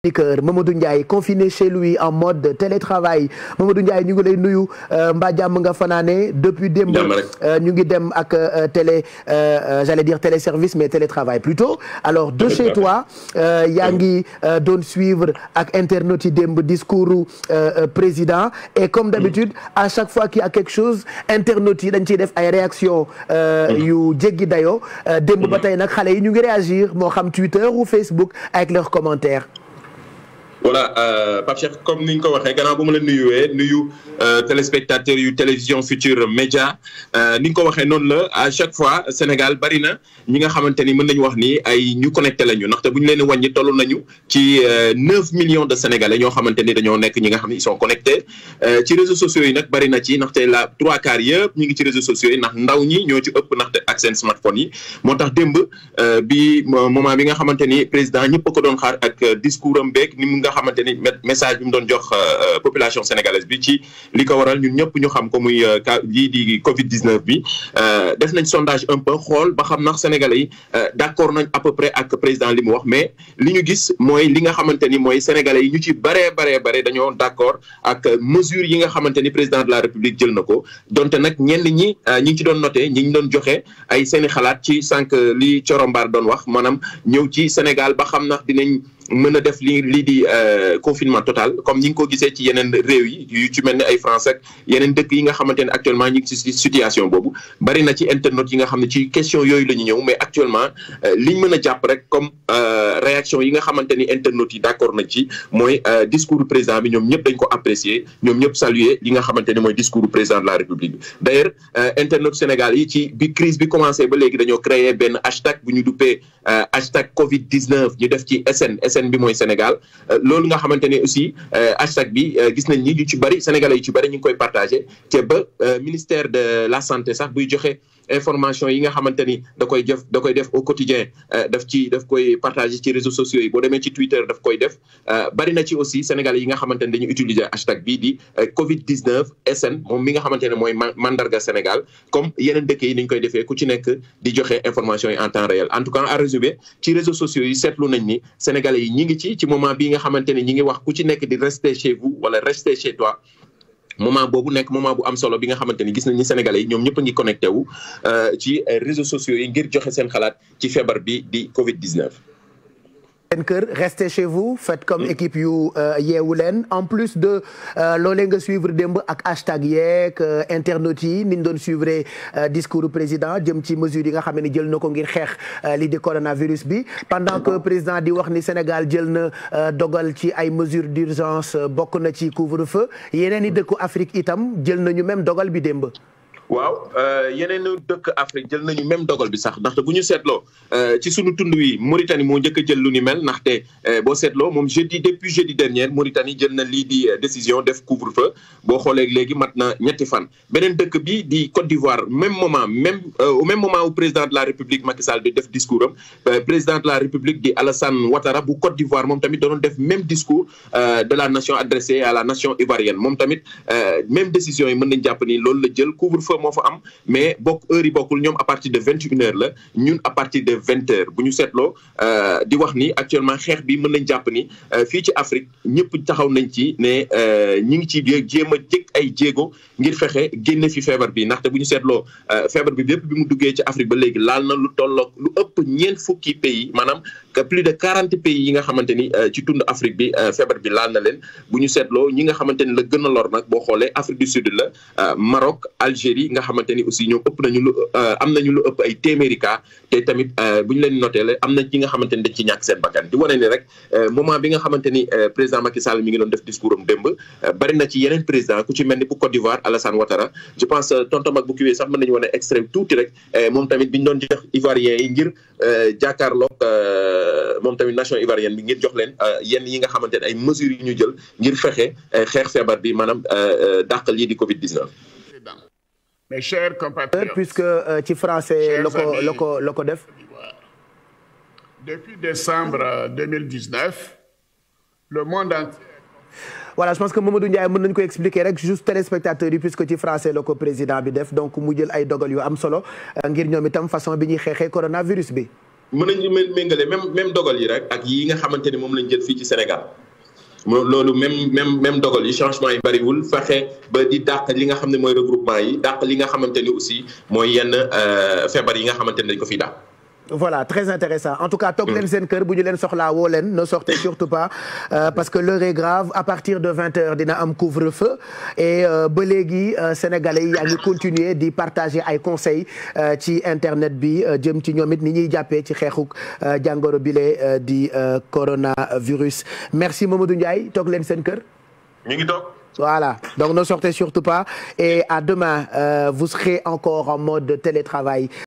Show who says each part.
Speaker 1: chroniqueur Mamadou Ndiaye confiné chez lui en mode télétravail Mamadou Ndiaye ñu ngi lay nuyu euh, mbaa jàmm nga fanaane depuis démb euh, ñu ngi dem ak euh, télé j'allais dire téléservice mais télétravail plutôt alors de chez toi yaa ngi doon suivre ak internautes yi démb discours président et comme d'habitude à chaque fois qu'il y a quelque chose internautes yi dañ ciy def ay réaction yu jéggi dayo démb ba mm-hmm. tey nag xale yi ñu ngi réagir moo xam Twitter ou Facebook avec leurs commentaires
Speaker 2: wala euh, Pape Cheikh comme ni ñu ko waxee gannaaw bu ma la nuyuwee nuyu euh, téléspectateur yu télévision Futur Média euh, ni ñu ko waxee noonu la à chaque fois Sénégal bari na ñi nga xamante ni mën nañu wax ni ay ñu connecté lañu ndaxte bu ñu leen wàññi tolloon nañu ci 9 millions de sénégalais ñoo xamante ni dañoo nekk ñi nga xam ne ils sont connectés ci réseaux sociaux yi nag bari na ci ndaxte la trois quarts yëpp ñu ngi ci réseaux sociaux yi ndax ndaw ñi ñoo ci ëpp ndaxte ak seen smartphone yi moo tax démb bi moment bi nga xamante ni président ñëpp ko doon xaar ak discours am beeg nga xamante ni message bi mu doon jox euh, euh, population sénégalaise bi ci li ko waral ñun ñëpp ñu xam ko muy euh, lii di Covid 19 bi def nañ sondage un peu xool ba xam nax sénégalais yi d'accord nañ à peu près ak président li mu wax mais li ñu gis mooy li nga xamante ni mooy sénégalais yi ñu ci baree baree bare dañoo d'accord ak mesures yi nga xamante ni président de la république jël na ko donte nag ñenn ñi ñi ngi ci doon noté ñi ngi doon joxe ay seeni xalaat ci sànq li Corombaar doon wax maanaam ñëw ba xam nax mën a def li lii di euh, confinement total comme ni ngi ko gisee ci yeneen réew yi yu ci mel ay France ak yeneen dëkk yi nga xamante ne actuellement ñi ngi ci situation boobu bari na ci internet yi nga xam ne ci question yooyu la ñu ñëw mais actuellement euh, liñ mën a jàpp rek comme euh, réaction yi nga xamante ni internet yi d'accord nañ ci mooy discours président bi ñoom ñëpp dañ ko apprécier ñoom ñëpp saluer li nga xamante ne mooy discours président de la République d'ailleurs internet Sénégal yi ci bi crise bi commencé ba léegi dañoo créer benn hashtag bu ñu duppee hashtag Covid 19 ñu def ci SN scène bi mooy Sénégal euh, loolu nga xamante ne aussi euh, hashtag bi euh, gis nañ ni yu ci bëri sénégalais yu ci bëri ñu ngi koy partagé te ba ministère de la santé sax buy joxe information yi nga xamante ni da koy def da koy def au quotidien daf ci daf koy partagé ci réseaux sociaux yi boo demee ci Twitter daf koy def bari na ci aussi sénégalais yi nga xamante ne dañu utiliser hashtag bii di Covid 19 SN moom mi nga xamante ne mooy mandarga Sénégal comme yeneen dëkk yi ni koy defee ku ci nekk di joxe information yi en temps réel en tout cas à résumer ci réseaux sociaux yi seetlu nañ ni sénégalais yi yi ngi ci ci moment bii nga xamante ne ñi ngi wax ku ci nekk di rester chez vous wala rester chez toi moment boobu nekk moment bu am solo bi nga xamante ni gis nañu Sénégalais yi ñoom ñëpp a ngi connecté wu euh, ci euh, réseaux sociaux yi ngir joxe seen xalaat ci feebar bi di Covid 19.
Speaker 1: seen kër restez chez vous faites comme hmm. équipe yu euh, yeewu leen en plus de euh, loole nga suivre demb ak hashtag yeeg euh, internautes yi ni ñu doon suivre discours président jëm ci mesures yi nga xam ne jël na ko ngir xeex lii di coronavirus bi pendant que président di wax ni Sénégal jël na dogal ci ay mesures d'urgence bokk na ci couvre-feu yeneen i hmm. dëkku Afrique itam jël nañu même dogal bi démb
Speaker 2: waaw euh, yeneen dëkk Afrique jël nañu même dogal bi sax ndaxte bu ñu seetloo euh, ci sunu tund wi Mauritanie moo njëkk jël lu ni mel ndaxte euh, boo seetloo moom jeudi depuis jeudi dernier Mauritanie jël na lii di décision def couvre-feu boo xoolee léegi mat na ñetti fan. beneen dëkk bi di Côte d'Ivoire même moment même au même moment président de la République Macky Sall di def discours am président de la République di Alassane Ouattara bu Côte d'Ivoire moom tamit doon def même discours de la nation adressée à la nation ivoirienne moom tamit même décision yi mën nañ jàpp ni loolu la jël couvre moo fa am mais bokk heure yi bokkul ñoom à partir de vingt et une heures la ñun à partir de vingt bu ñu seetloo euh, di wax ni actuellement xeex bi mën nañ jàpp ni euh, fii ci Afrique ñëpp taxaw nañ ci ne euh, ñi ngi ci jéem a jëkk ay jéego ngir fexe génne fi feebar bi ndaxte bu ñu seetloo feebar bi bépp bi mu duggee ci Afrique ba léegi laal na lu tolloog lu ëpp ñeent fukki pays maanaam plus de quarante pays yi nga xamante ni ci tund Afrique bi feebar bi laal na leen bu ñu seetloo ñi nga xamante ni la gën a lor nag boo xoolee Afrique du Sud la Maroc Algérie nga xamante ni aussi ñoo ëpp nañu lu euh, am nañu lu ëpp ay téeméeri cas te tamit euh, bu ñu leen noté am na ci nga xamante ni dañ ci ñàkk seen bakkan di wane ni rek euh, moment bi nga xamante ni président Macky Sall mi ngi doon def discours am démb bari na ci yeneen président ku ci mel ni bu Côte d'Ivoire Alassane Ouattara je pense tonton mag bu kiwee sax mën nañu wane extrême tuuti rek moom tamit bi ñu doon jox ivoirien yi ngir jàkkaarloog moom tamit nation ivoirienne bi ngir jox leen yenn yi nga xamante ne ay mesures yi ñu jël ngir fexe xeex feebar bi maanaam dàq lii di Covid 19.
Speaker 1: mes chers compatriotes puisque euh, ci français la ko la ko la ko def
Speaker 2: depuis décembre 2019 euh, le monde entier
Speaker 1: voilà je pense que Mamadou Ndiaye mën nañu ko expliquer rek juste téléspectateurs yi puisque ci français la ko président bi def donc mu jël ay dogal yu am solo euh, ngir ñoom itam façon bi ñuy xeexee
Speaker 2: coronavirus bi mën nañu méngale même même dogal yi rek ak yi nga xamante moom lañ jël fii ci Sénégal loolu même même même dogal yi changement yi bariwul fexe ba di dàq li nga xam ne mooy regroupement yi dàq li nga xamante ni aussi mooy yenn euh, feebar yi nga xamante ne dañ ko fiy dàq.
Speaker 1: voilà très intéressant en tout cas toog leen mm. seen kër bu ñu leen woo leen ne sortez surtout pas euh, parce que l'heure est grave à partir de vingt heures dina am couvre-feu et euh, ba léegi euh, sénégalais yi yaa ngi di partager ay conseils ci internet bi jëm ci ñoom it ni ñuy jàppee ci xeexuk jàngoro bile di coronavirus merci Mamadou Ndiaye toog leen seen kër ñu ngi toog voilà donc ne sortez surtout pas et à demain euh, vous serez encore en mode télétravail